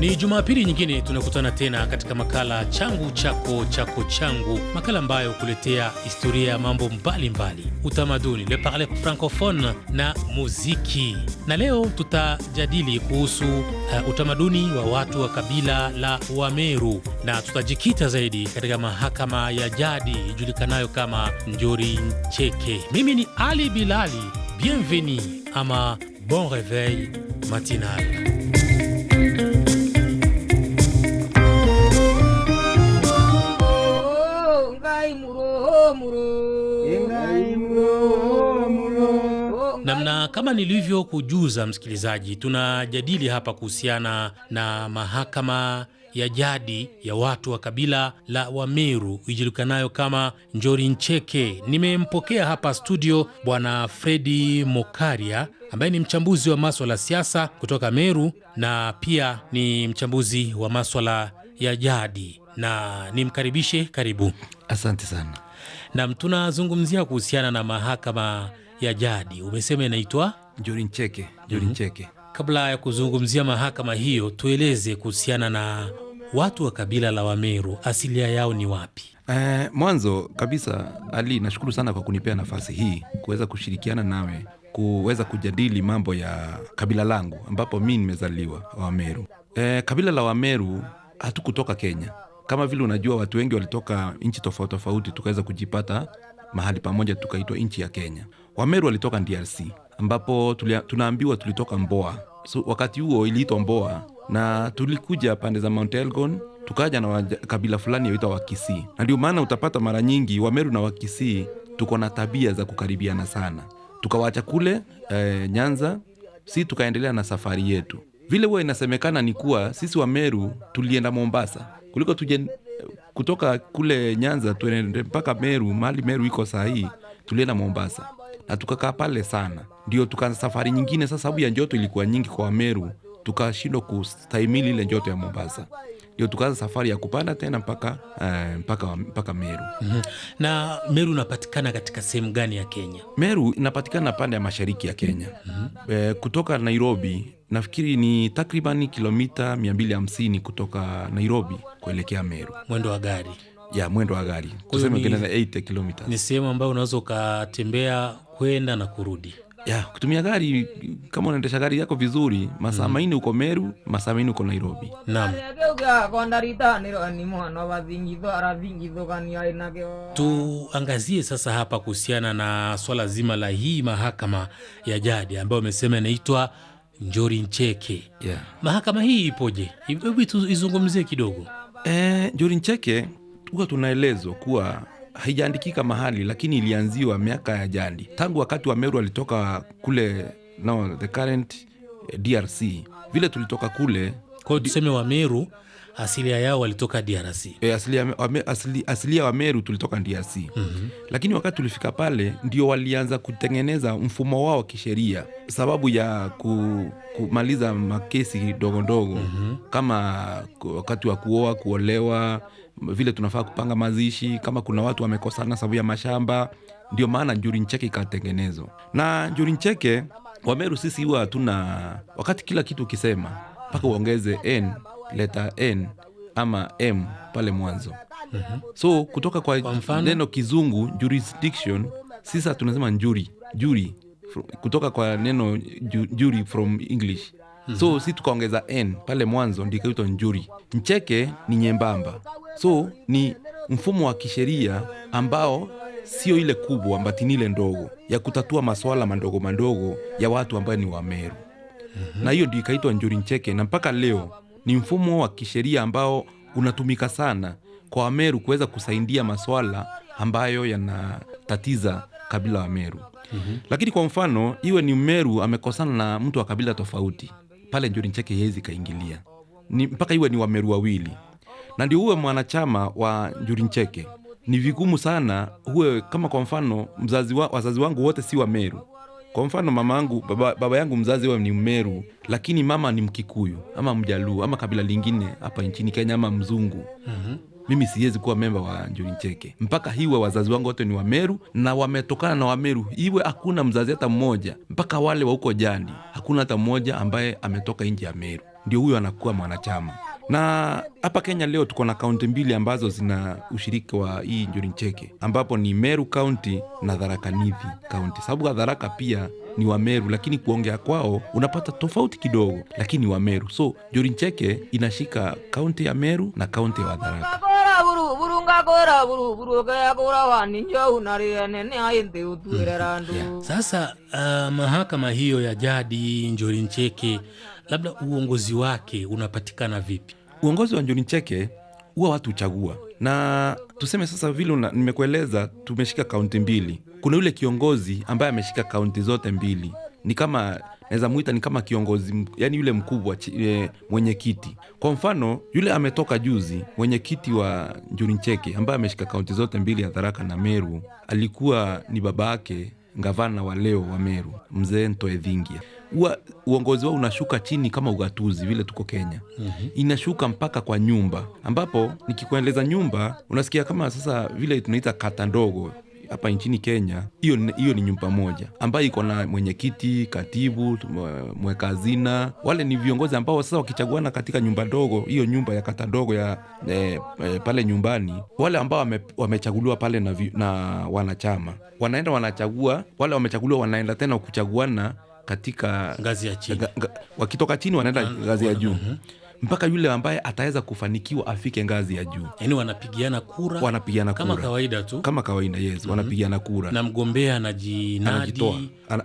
Ni Jumapili nyingine tunakutana tena katika makala changu chako chako changu, makala ambayo kuletea historia ya mambo mbalimbali, utamaduni, le parle francophone na muziki. Na leo tutajadili kuhusu uh, utamaduni wa watu wa kabila la Wameru na tutajikita zaidi katika mahakama ya jadi ijulikanayo kama Njori Ncheke. Mimi ni Ali Bilali, bienveni ama bon reveil matinal. kama kama nilivyokujuza, msikilizaji, tunajadili hapa kuhusiana na mahakama ya jadi ya watu wa kabila la Wameru ijulikanayo kama Njori Ncheke. Nimempokea hapa studio Bwana Fredi Mokaria ambaye ni mchambuzi wa maswala ya siasa kutoka Meru na pia ni mchambuzi wa maswala ya jadi, na nimkaribishe. Karibu. Asante sana. Nam, tunazungumzia kuhusiana na mahakama ya jadi umesema inaitwa Jorincheke. Jorincheke. Mm-hmm. Mm -hmm. Kabla ya kuzungumzia mahakama hiyo, tueleze kuhusiana na watu wa kabila la Wameru, asilia yao ni wapi? Eh, mwanzo kabisa, Ali, nashukuru sana kwa kunipea nafasi hii kuweza kushirikiana nawe kuweza kujadili mambo ya kabila langu ambapo mi nimezaliwa Wameru. Eh, kabila la Wameru hatukutoka Kenya kama vile unajua, watu wengi walitoka nchi tofauti tofauti, tukaweza kujipata mahali pamoja, tukaitwa nchi ya Kenya. Wameru walitoka DRC ambapo tulia, tunaambiwa tulitoka Mboa. So, wakati huo iliitwa Mboa na tulikuja pande za Mount Elgon tukaja na kabila fulani yaitwa Wakisii, na ndio maana utapata mara nyingi Wameru na Wakisii tuko na tabia za kukaribiana sana. Tukawacha kule eh, Nyanza, si tukaendelea na safari yetu. Vile huwa inasemekana ni kuwa sisi Wameru tulienda Mombasa kuliko tuje kutoka kule Nyanza tuende mpaka Meru, mahali Meru iko sahii, tulienda Mombasa na tukakaa pale sana. Ndio tukaanza safari nyingine. Sasa sababu ya njoto ilikuwa nyingi kwa Wameru, tukashindwa kustahimili ile njoto ya Mombasa ndio tukaanza safari ya kupanda tena mpaka uh, mpaka mpaka Meru. mm -hmm. Na Meru inapatikana katika sehemu gani ya Kenya? Meru inapatikana pande ya mashariki ya Kenya. mm -hmm. E, kutoka Nairobi nafikiri ni takriban kilomita 250 kutoka Nairobi kuelekea Meru, mwendo wa gari ya mwendo wa gari, tuseme ukienda 80 km. Ni sehemu ambayo unaweza ukatembea kwenda na kurudi ya kutumia gari. Kama unaendesha gari yako vizuri, masaa mhm. maini uko Meru, masaa maini uko Nairobi. Naam, tuangazie sasa hapa kuhusiana na swala zima la hii mahakama ya jadi ambayo umesema inaitwa Njori Ncheke. Yeah. mahakama hii ipoje? Hebu izungumzie kidogo. Eh, Njori Ncheke huwa tunaelezwa kuwa haijaandikika mahali, lakini ilianziwa miaka ya jadi tangu wakati wa Meru walitoka kule no, the current eh, DRC vile tulitoka kule kwao, tuseme wa Meru asilia yao walitoka DRC. E, eh, asilia, wame, asili, asilia wa Meru tulitoka DRC. mm -hmm. Lakini wakati tulifika pale ndio walianza kutengeneza mfumo wao wa kisheria sababu ya ku, kumaliza makesi dogondogo mm -hmm. kama wakati wa kuoa, kuolewa vile tunafaa kupanga mazishi, kama kuna watu wamekosana sababu ya mashamba. Ndio maana Njuri Ncheke ikatengenezwa na Njuri Ncheke. Wameru sisi huwa hatuna wakati, kila kitu ukisema mpaka uongeze n leta n ama m pale mwanzo. Mhm. So kutoka kwa, kwa neno kizungu jurisdiction, sisa tunasema njuri juri kutoka kwa neno juri from English. Mhm. So si tukaongeza n pale mwanzo, ndikaitwa njuri. Ncheke ni nyembamba. So ni mfumo wa kisheria ambao sio ile kubwa mbatinile ile ndogo ya kutatua maswala mandogo mandogo ya watu ambayo ni Wameru. uh-huh. Na hiyo ndio ikaitwa Njuri Ncheke, na mpaka leo ni mfumo wa kisheria ambao unatumika sana kwa Wameru kuweza kusaidia maswala ambayo yanatatiza kabila wa Meru. mm Lakini kwa mfano iwe ni meru amekosana na mtu wa kabila tofauti, pale Njuri Ncheke hezi kaingilia ni mpaka iwe ni Wameru wawili na ndio uwe mwanachama wa Njurincheke. Ni vigumu sana uwe kama kwa mfano mzazi wa, wazazi wangu wote si wa Meru. Kwa mfano mama yangu baba, baba yangu mzazi wao ni meru lakini mama ni Mkikuyu ama Mjaluu ama kabila lingine hapa nchini Kenya ama mzungu. uh-huh. Mimi siwezi kuwa memba wa Njurincheke mpaka hiwe wazazi wangu wote ni Wameru na wametokana na Wameru, iwe hakuna mzazi hata mmoja, mpaka wale wa huko Jandi hakuna hata mmoja ambaye ametoka nje ya Meru, ndio huyo anakuwa mwanachama. Na hapa Kenya leo tuko na kaunti mbili ambazo zina ushiriki wa hii Njuri Ncheke, ambapo ni Meru kaunti na Tharaka Nithi kaunti, sababu Tharaka pia ni Wameru, lakini kuongea kwao unapata tofauti kidogo, lakini Wameru. So Njuri Ncheke inashika kaunti ya Meru na kaunti ya Tharaka. Sasa uh, mahakama hiyo ya jadi Njuri Ncheke labda uongozi wake unapatikana vipi? Uongozi wa John Cheke huwa watu huchagua, na tuseme sasa vile nimekueleza, tumeshika kaunti mbili. Kuna yule kiongozi ambaye ameshika kaunti zote mbili, ni kama naweza mwita ni kama kiongozi, yani yule mkubwa e, mwenyekiti. Kwa mfano yule ametoka juzi, mwenyekiti wa Cheke ambaye ameshika kaunti zote mbili ya Tharaka na Meru, alikuwa ni baba ake gavana wa leo wa Meru, mzee ntoedhingia huwa uongozi wao unashuka chini kama ugatuzi vile, tuko Kenya mm -hmm. inashuka mpaka kwa nyumba, ambapo nikikueleza nyumba unasikia kama sasa vile tunaita kata ndogo hapa nchini Kenya. Hiyo hiyo ni nyumba moja ambayo iko na mwenyekiti, katibu, mweka hazina. Wale ni viongozi ambao sasa wakichaguana katika nyumba ndogo, hiyo nyumba ya kata ndogo ya e, e, pale nyumbani, wale ambao wame, wamechaguliwa pale na, na wanachama wanaenda wanachagua, wale wamechaguliwa wanaenda tena kuchaguana katika ngazi ya chini, wakitoka chini wanaenda ngazi ya juu. Mhm mpaka yule ambaye ataweza kufanikiwa afike ngazi ya juu. Yani wanapigiana kura, wanapigiana kura kama kawaida tu, kama kawaida yes. mm -hmm. wanapigiana kura na mgombea anajitoa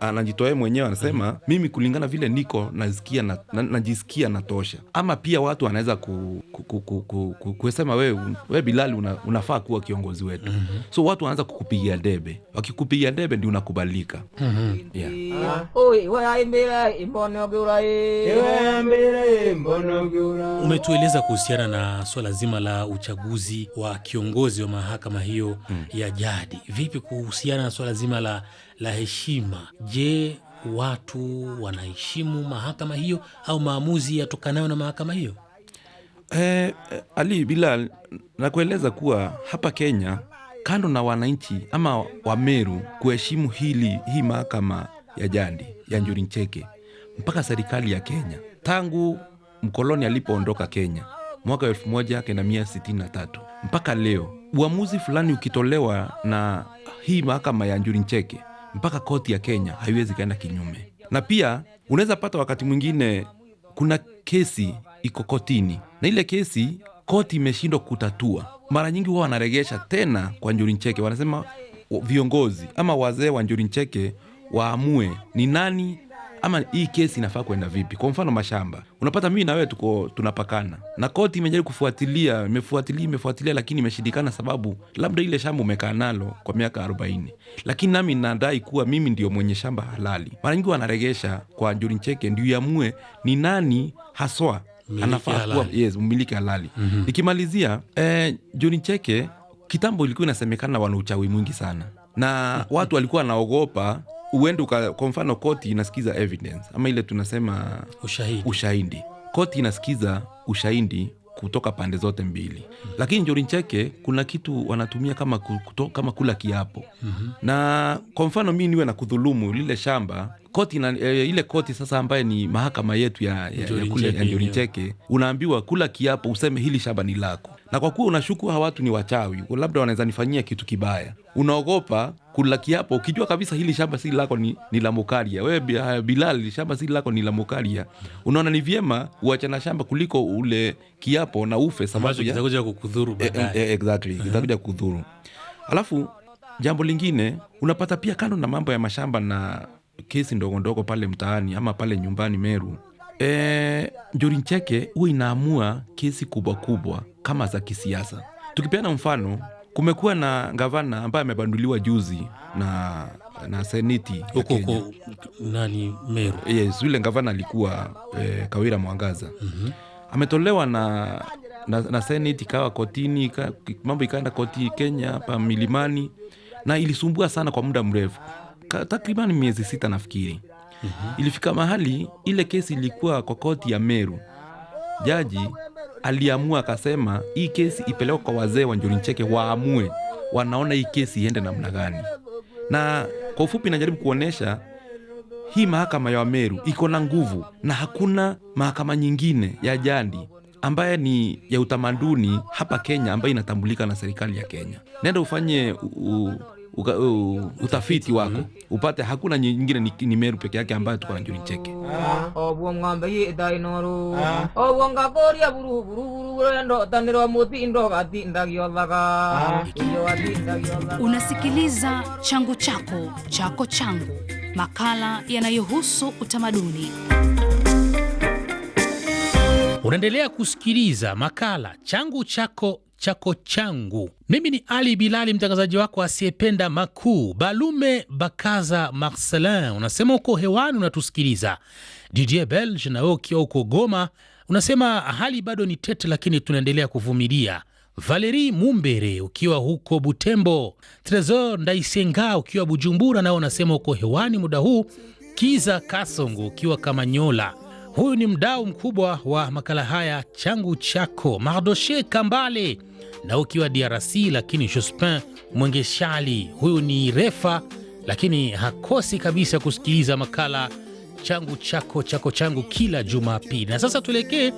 anajitoa mwenyewe anasema, mm -hmm. mimi kulingana vile niko nasikia na, na, najisikia natosha. Ama pia watu wanaweza ku, ku, ku, ku, ku, ku, kusema wewe we Bilali una, unafaa kuwa kiongozi wetu. mm -hmm. So watu wanaanza kukupigia debe, wakikupigia debe ndio unakubalika. mm -hmm. yeah. ah. Umetueleza kuhusiana na swala zima la uchaguzi wa kiongozi wa mahakama hiyo mm. ya jadi. Vipi kuhusiana na swala zima la, la heshima? Je, watu wanaheshimu mahakama hiyo au maamuzi yatokanayo na mahakama hiyo? Eh, eh, Ali bila nakueleza kuwa hapa Kenya, kando na wananchi ama Wameru kuheshimu hili hii mahakama ya jadi ya Njuri Ncheke, mpaka serikali ya Kenya tangu mkoloni alipoondoka Kenya mwaka 1963 mpaka leo. Uamuzi fulani ukitolewa na hii mahakama ya Njuri Ncheke, mpaka koti ya Kenya haiwezi kaenda kinyume. Na pia unaweza pata wakati mwingine kuna kesi iko kotini na ile kesi koti imeshindwa kutatua, mara nyingi huwa wanaregesha tena kwa Njuri Ncheke, wanasema viongozi ama wazee wa Njuri Ncheke waamue ni nani ama hii kesi inafaa kuenda vipi? Kwa mfano mashamba, unapata mimi na wewe tuko tunapakana, na koti imejaribu kufuatilia, imefuatilia, imefuatilia, lakini imeshindikana, sababu labda ile shamba umekaa nalo kwa miaka arobaini, lakini nami nadai kuwa mimi ndio mwenye shamba halali. Mara nyingi wanaregesha kwa juri cheke ndio iamue ni nani haswa anafaa kuwa yes, mmiliki halali. mm -hmm. Nikimalizia eh, juri cheke, kitambo ilikuwa inasemekana wana uchawi mwingi sana na mm. watu walikuwa wanaogopa uende kwa mfano koti inasikiza evidence ama ile tunasema ushahidi, ushahidi. Koti inasikiza ushahidi kutoka pande zote mbili mm -hmm. Lakini Njuri Ncheke kuna kitu wanatumia kama, kuto, kama kula kiapo mm -hmm. Na kwa mfano mi niwe na kudhulumu lile shamba koti na, e, eh, ile koti sasa ambaye ni mahakama yetu ya, ya, ya kule, ya Ncheke unaambiwa kula kiapo useme hili shamba ni lako, na kwa kuwa unashuku hawa watu ni wachawi, labda wanaweza nifanyia kitu kibaya, unaogopa kula kiapo ukijua kabisa hili shamba si lako, ni, ni la Mukaria. Wewe eh, bilal shamba si lako, ni la Mukaria. Unaona ni vyema uachana shamba kuliko ule kiapo na ufe sababu kukudhuru eh, baadaye. E, e, exactly kitakuja kukudhuru. Alafu jambo lingine unapata pia, kando na mambo ya mashamba na kesi ndogondogo pale mtaani ama pale nyumbani Meru, e, Njuri Ncheke huwa inaamua kesi kubwa kubwa kama za kisiasa. Tukipeana mfano Kumekuwa na gavana ambaye amebanduliwa juzi na na seneti huko huko nani Meru. Yes, yule gavana alikuwa e, Kawira Mwangaza mm-hmm. ametolewa na, na, na seneti kawa kotini ka, mambo ikaenda koti Kenya hapa milimani na ilisumbua sana kwa muda mrefu takriban miezi sita nafikiri. mm-hmm. ilifika mahali ile kesi ilikuwa kwa koti ya Meru jaji aliamua akasema hii kesi ipelekwa kwa wazee wa Njuri waamue wanaona hii kesi iende namna gani. Na kwa ufupi, najaribu kuonyesha hii mahakama ya Wameru iko na nguvu, na hakuna mahakama nyingine ya jadi ambaye ni ya utamaduni hapa Kenya ambayo inatambulika na serikali ya Kenya. Nenda ufanye u, u, uka, uh, utafiti wako upate, hakuna nyingine ni, ni Meru peke yake ambayo tuko na Njuri cheke ah. obwo oh, noru ah. obwo oh, buru buru ndo muti ndo gati ah. unasikiliza changu chako chako changu makala yanayohusu utamaduni Unaendelea kusikiliza makala changu chako chako changu. Mimi ni Ali Bilali, mtangazaji wako asiyependa makuu. Balume Bakaza Marcelin, unasema uko hewani unatusikiliza. DJ Belge, nawe ukiwa uko Goma, unasema hali bado ni tete, lakini tunaendelea kuvumilia. Valeri Mumbere ukiwa huko Butembo, Tresor Ndaisenga ukiwa Bujumbura, nao unasema uko hewani muda huu. Kiza Kasongo ukiwa Kamanyola Huyu ni mdau mkubwa wa makala haya changu chako, Mardoshe Kambale, na ukiwa DRC. Lakini Jospin Mwengeshali, huyu ni refa, lakini hakosi kabisa kusikiliza makala changu chako chako changu kila Jumapili. Na sasa tuelekee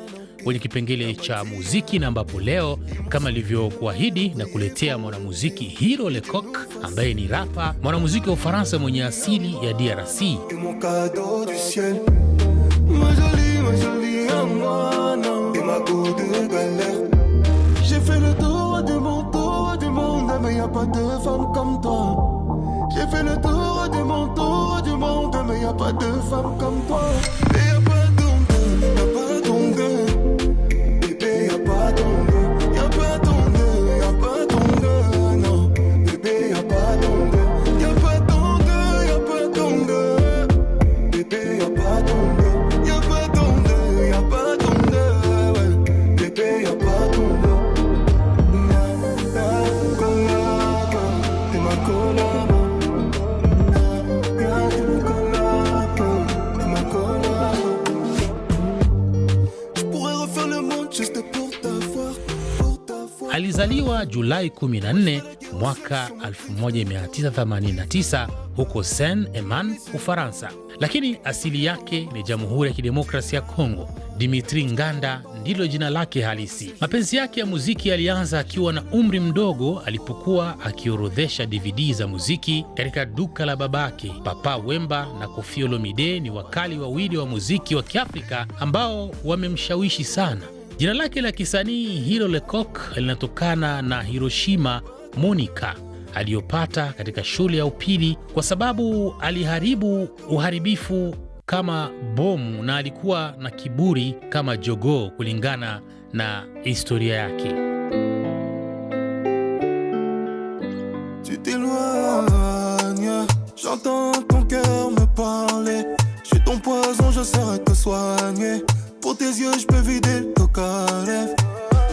kwenye kipengele cha muziki, na ambapo leo kama ilivyokuahidi na kuletea mwanamuziki Hiro Lecoq ambaye ni rapa, mwanamuziki wa Ufaransa mwenye asili ya DRC. Ma jolie, ma jolie non Et ma de J'ai fait le tour du monde, tour du monde Mais y'a a pas de femme comme toi J'ai fait le tour du monde, tour du monde Mais y'a a pas de femme comme toi Julai 14 mwaka 1989 huko Saint Eman, Ufaransa, lakini asili yake ni Jamhuri ya Kidemokrasia ya Kongo. Dimitri Nganda ndilo jina lake halisi. Mapenzi yake ya muziki alianza akiwa na umri mdogo alipokuwa akiorodhesha DVD za muziki katika duka la babake. Papa Wemba na Koffi Olomide ni wakali wawili wa muziki wa Kiafrika ambao wamemshawishi sana Jina lake la kisanii hiro Lecoq linatokana na Hiroshima Monica aliyopata katika shule ya upili kwa sababu aliharibu uharibifu kama bomu na alikuwa na kiburi kama jogoo kulingana na historia yake.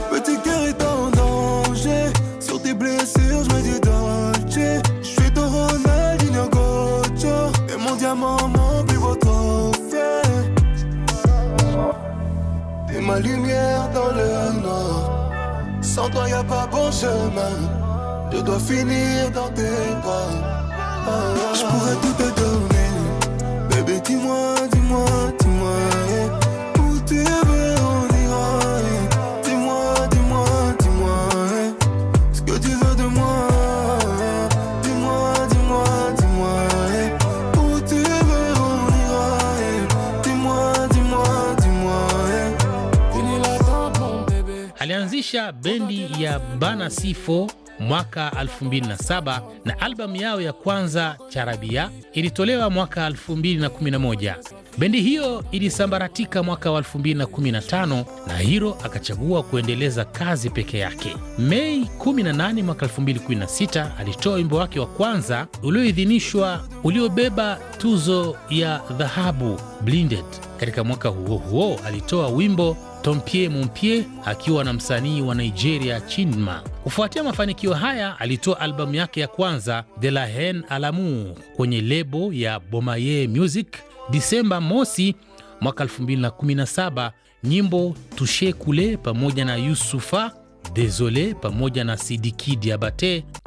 Petit cœur est en danger Sur tes blessures je me dis Dolce Je suis ton Ronaldinho Gocho Et mon diamant mon plus beau trophée T'es ma lumière dans le noir Sans toi y'a a pas bon chemin Je dois finir dans tes bras ah, ah, ah. Je pourrais tout te donner bébé dis-moi, dis-moi, dis-moi Mbana Sifo mwaka 2007 na albamu yao ya kwanza Charabia ilitolewa mwaka 2011. Bendi hiyo ilisambaratika mwaka wa 2015 na Hiro akachagua kuendeleza kazi peke yake. Mei 18 mwaka 2016 alitoa wimbo wake wa kwanza ulioidhinishwa uliobeba tuzo ya dhahabu Blinded. Katika mwaka huo huo alitoa wimbo Tompie Mompie akiwa na msanii wa Nigeria Chinma. Kufuatia mafanikio haya, alitoa albamu yake ya kwanza De La hen Alamu kwenye lebo ya Bomaye Music Disemba mosi mwaka 2017, nyimbo Tushe Kule pamoja na Yusufa Désolé, pas na Sidiki Diabate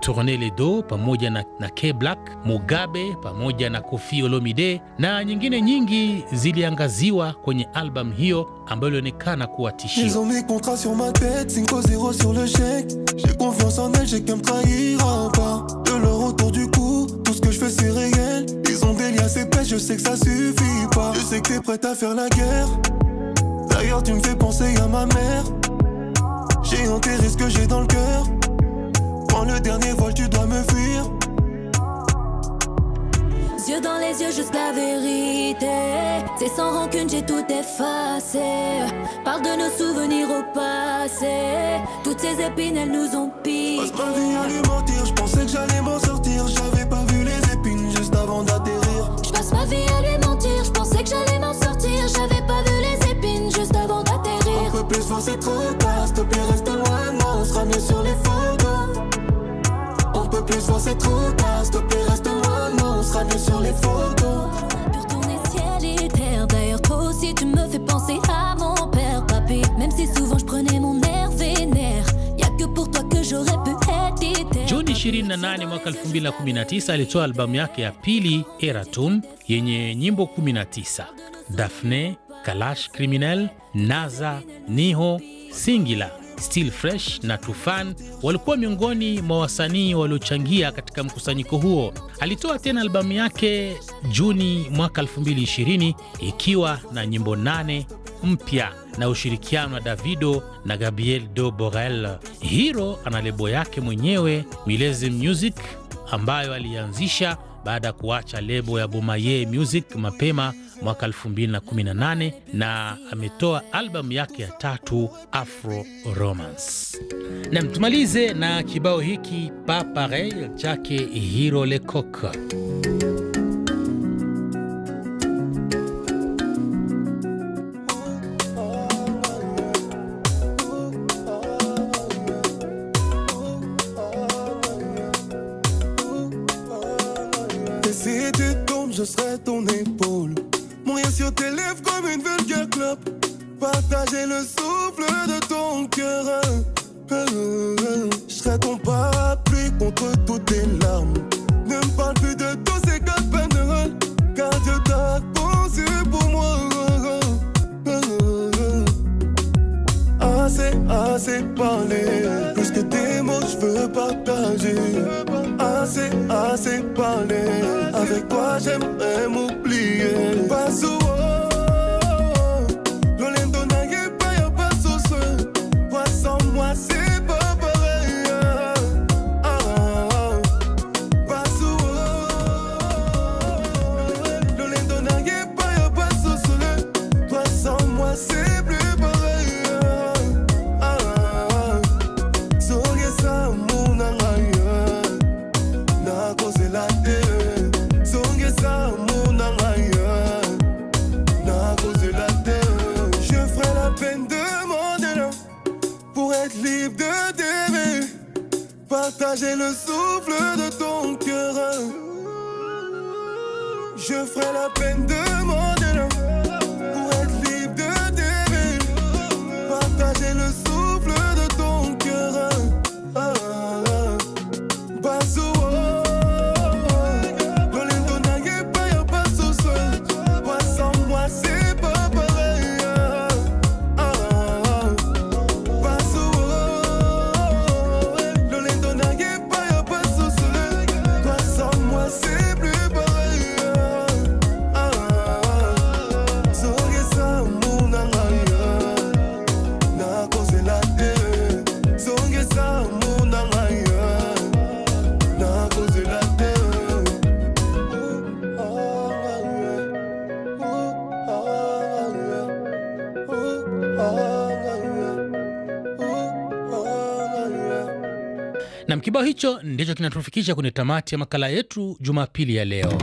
les Do, pas moja na K-Black Mugabe, pas na Kofi Olomide Na nyingine nyingi, ziliangaziwa ziwa, Kwenye album hiyo, ambele oneka na Ils ont mes contrats sur ma tête, 5-0 sur le chèque J'ai confiance en elles, j'ai qu'à me trahir un pas De leur retour du cou, tout ce que je fais c'est réel Ils ont des liens assez je sais que ça suffit pas Je sais que t'es prête à faire la guerre D'ailleurs tu me fais penser à ma mère j'ai enterré ce que j'ai dans le cœur. Prends le dernier vol, tu dois me fuir. Yeux dans les yeux, juste la vérité. C'est sans rancune, j'ai tout effacé. Parle de nos souvenirs au passé. Toutes ces épines, elles nous ont Je Passe ma vie à lui mentir, je pensais que j'allais m'en sortir. J'avais pas vu les épines juste avant d'atterrir. Je passe ma vie à lui mentir, je pensais que j'allais m'en sortir. J'avais pas vu les épines juste avant d'atterrir. Un plus fort, c'est trop tard, te plaît, mieux sur les photos. On peut plus voir, c'est trop tard. S'il te plaît, reste loin, non, on sera mieux sur les photos. On retourner ciel et terre. D'ailleurs, toi aussi, tu me fais penser à mon père, papy. Même si souvent je prenais mon air vénère. Y'a que pour toi que j'aurais pu être éther. Juni 28 mwaka 2019 alitoa albamu yake ya pili Eratum yenye nyimbo 19 Daphne, Kalash Criminel, Naza, Niho, Singila Still Fresh na Tufan walikuwa miongoni mwa wasanii waliochangia katika mkusanyiko huo. Alitoa tena albamu yake Juni mwaka 2020 ikiwa na nyimbo nane mpya na ushirikiano wa Davido na Gabriel Do Borel. Hiro ana lebo yake mwenyewe Milezi Music ambayo alianzisha baada ya kuacha lebo ya Bomaye Music mapema mwaka 2018 na ametoa albamu yake ya tatu Afro Romance. Na mtumalize na kibao hiki Paparel chake Hiro Lecoq. about I see. I see. Nam, kibao hicho ndicho kinatufikisha kwenye tamati ya makala yetu Jumapili ya leo.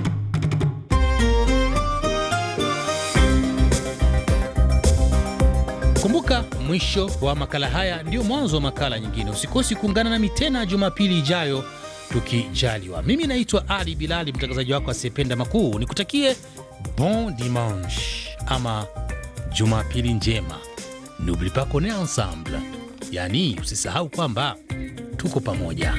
Kumbuka, mwisho wa makala haya ndio mwanzo wa makala nyingine. Usikosi kuungana nami tena Jumapili ijayo tukijaliwa. Mimi naitwa Ali Bilali, mtangazaji wako asiyependa makuu. Nikutakie bon dimanche ama Jumapili njema. N'oublie pas ensemble, yani usisahau kwamba tuko pamoja.